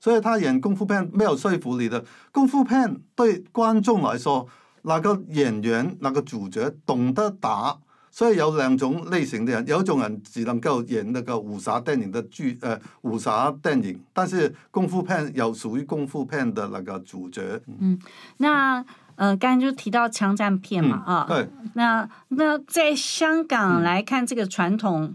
所以他演功夫片沒有說服你的，功夫片對觀眾來說，那個演員、那個主角懂得打，所以有兩種類型的人，有一種人只能夠演那個武俠電影的劇，呃武俠電影，但是功夫片有屬於功夫片的那個主角。嗯，那呃剛剛就提到槍戰片嘛，啊，對，那那在香港來看這個傳統。嗯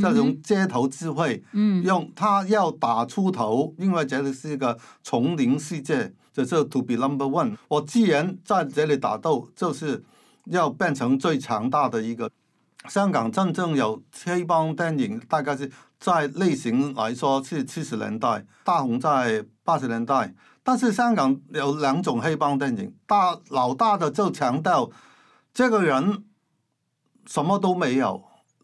這種街頭智慧，mm hmm. mm hmm. 用他要打出頭，因為這裏是一個叢林世界，就是 to be number one。我既然在這裏打鬥，就是要變成最強大的一個。香港真正有黑幫電影，大概是在類型來說是七十年代，大紅在八十年代。但是香港有兩種黑幫電影，大老大的就強調，這個人什麼都沒有。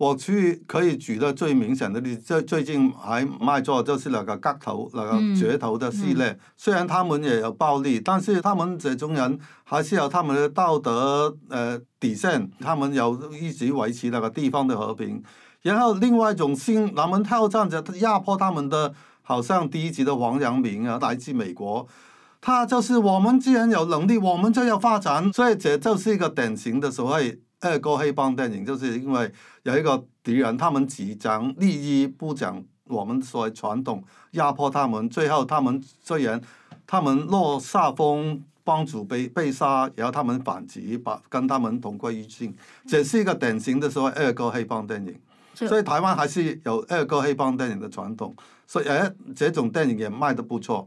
我去可以舉得最明顯的例子，最近還賣座就是那個角頭，那個角頭的系列。雖然他們也有暴力，但是他們這種人還是有他們的道德呃底線，他們有一直維持那個地方的和平。然後另外一種新，他們挑戰去壓迫他們的，好像第一集的王陽明啊，來自美國。他就是我們既然有能力，我們就要發展，所以這就是一個典型的所謂。二哥黑幫電影，就是因為有一個敵人，他們只講利益，不講我們所謂傳統壓迫他們。最後他們雖然他們落下風，幫主被被殺，然後他們反擊把跟他們同歸於盡。這是一個典型的所謂二哥黑幫電影。所以台灣還是有二哥黑幫電影的傳統。所以誒，這種電影也賣得不錯。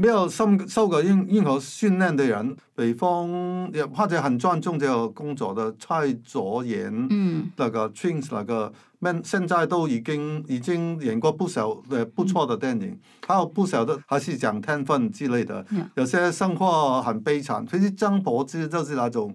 沒有受過英任何訓練的人，北方，或者很尊重這個工作的蔡卓妍，嗯、那個 Twins 那個，現現在都已經已經演過不少不錯的電影，嗯、還有不少的，還是講天分之類的，嗯、有些生活很悲慘，其實張柏芝就是那種。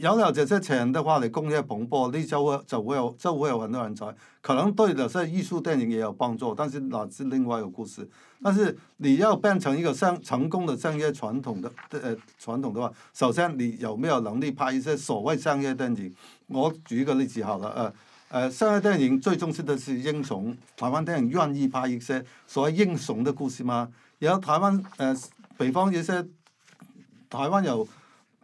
有了這些錢的話，你工業蓬勃，你就會就會有就會有很多人才，可能對的是藝術電影也有幫助，但是那是另外一個故事。但是你要變成一個商成，成功的商業傳統的，呃傳統的話，首先你有沒有能力拍一些所謂商業電影？我舉一個例子好了，呃，呃商業電影最重視的是英雄，台灣電影願意拍一些所謂英雄的故事嗎？有台灣，呃北方這些台灣有。